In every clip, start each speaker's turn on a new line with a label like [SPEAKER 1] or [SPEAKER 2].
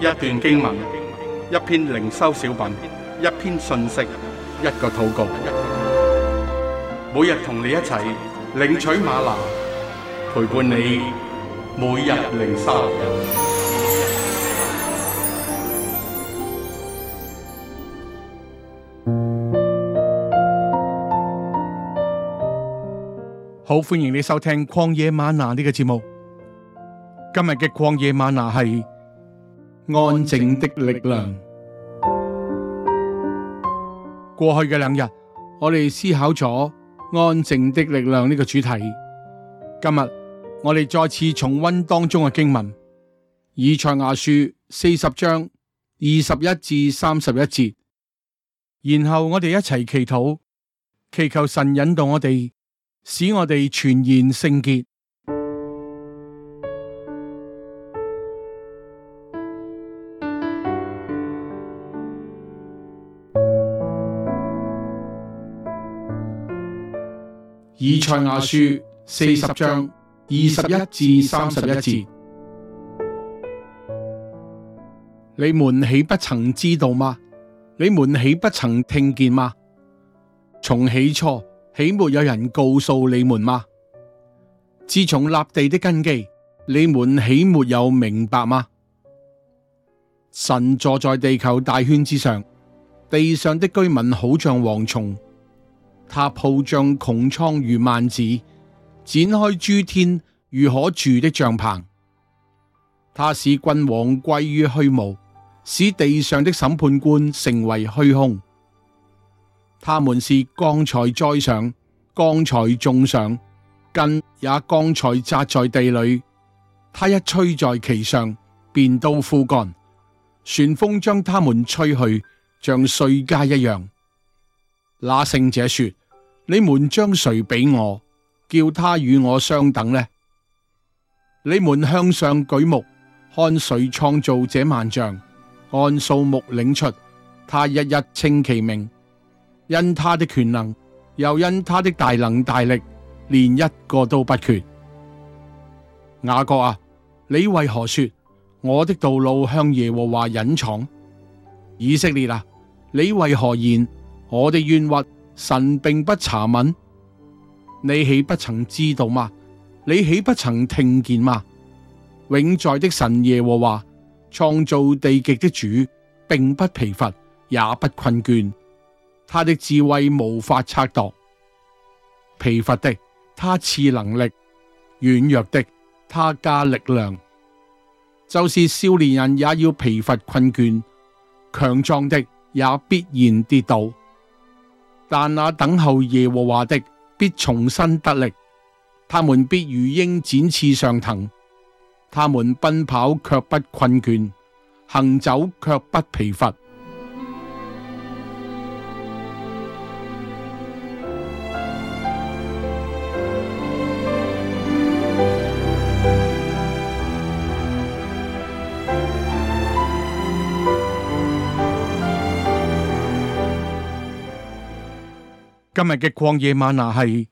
[SPEAKER 1] 一段經文，一篇靈修小品，一篇信息，一個禱告。每日同你一齊領取嗎哪，陪伴你每日靈修。好，歡迎你收聽《曠野嗎哪》呢個節目。今日嘅《曠野嗎哪》係，安靜的力量。過去嘅兩日，我哋思考咗安靜的力量呢個主題。今日我哋再次重溫當中嘅經文，以賽亞書四十章二十一至三十一節，然後我哋一齊祈禱，祈求神引導我哋，使我哋全然聖潔。以賽亞書四十章二十一至三十一節： 你們豈不曾知道嗎？你們豈不曾聽見嗎？從起初，豈沒有人告訴你們嗎？自從立地的根基，你們豈沒有明白嗎？神坐在地球大圈之上，地上的居民好像蝗蟲。他鋪張穹蒼如幔子，展開諸天如可住的帳篷。他使君王歸於虛無，使地上的審判官成為虛空。他們是剛才栽上，剛才種上，根也剛才扎在地裏。他一吹在其上，便都枯乾。旋風將他們吹去，像碎秸一樣。那聖者說。你們將誰比我，叫他與我相等呢？你們向上舉目，看誰創造這萬象，按數目領出，他一一稱其名，因他的權能，又因他的大能大力，連一個都不缺。雅各啊，你為何說我的道路向耶和華隱藏？以色列啊，你為何言我的冤屈？神並不查問，你豈不曾知道嗎？你豈不曾聽見嗎？永在的神耶和華，創造地極的主，並不疲乏，也不困倦，他的智慧無法測度。疲乏的，他賜能力，軟弱的，他加力量。就是少年人也要疲乏困倦，強壯的也必然跌倒。但那等候耶和華的必重新得力，他們必如鷹展翅上騰，他們奔跑卻不困倦，行走卻不疲乏。今日嘅曠野嗎哪係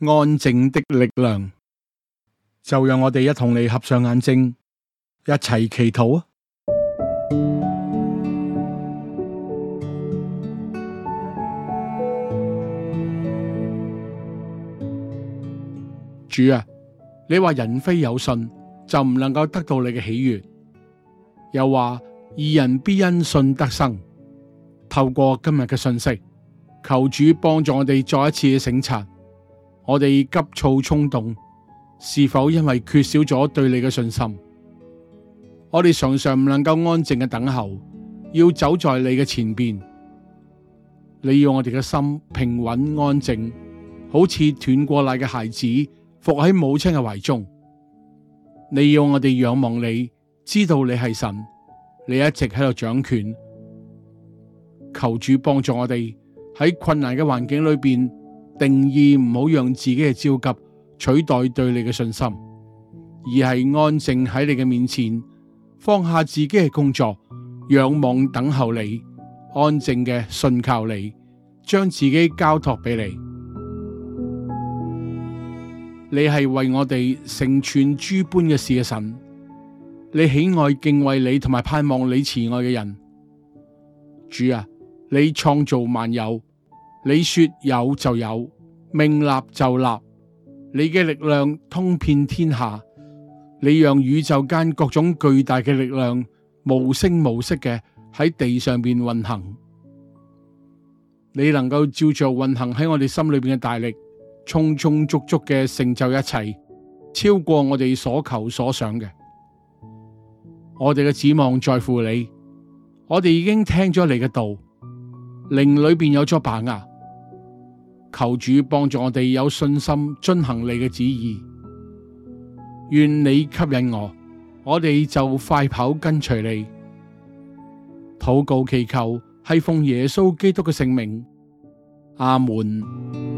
[SPEAKER 1] 安靜的力量，就讓我哋一同你合上眼睛，一齊祈禱啊！ 主啊，你話人非有信就唔能夠得到你嘅喜悦，又話義人必因信得生。透過今日嘅信息，求主幫助我哋再一次嘅省察，我哋急躁衝動，是否因為缺少咗對你嘅信心？我哋常常唔能夠安靜嘅等候，要走在你嘅前邊。你要我哋嘅心平穩安靜，好似斷過奶嘅孩子伏喺母親嘅懷中。你要我哋仰望你，知道你係神，你一直喺度掌權。求主幫助我哋。喺困難嘅環境裏邊，定義唔好讓自己嘅焦急，取代對你嘅信心，而係安靜喺你嘅面前，放下自己嘅工作，仰望等候你，安靜嘅信靠你，將自己交託俾你。你係為我哋成全諸般嘅事嘅神，你喜愛敬畏你同埋盼望你慈愛嘅人，主啊，你創造萬有。你說有就有，命立就立。你嘅力量通遍天下，你讓宇宙間各種巨大嘅力量無聲無息嘅喺地上邊運行。你能夠照着運行喺我哋心裏邊嘅大力，充充足足嘅成就一切，超過我哋所求所想嘅。我哋嘅指望在乎你，我哋已經聽咗你嘅道，靈裏邊有咗把握。求主幫助我哋有信心遵行你嘅旨意，願你吸引我，我哋就快跑跟隨你。禱告祈求係奉耶穌基督嘅聖名，阿門。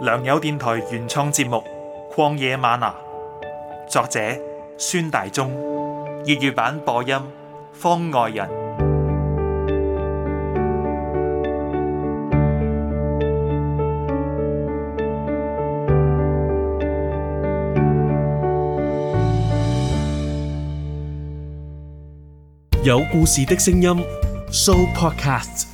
[SPEAKER 1] 良友電台原創節目《曠野嗎哪》，作者孫大中，粵語版播音方外人，有故事的聲音，Show Podcast。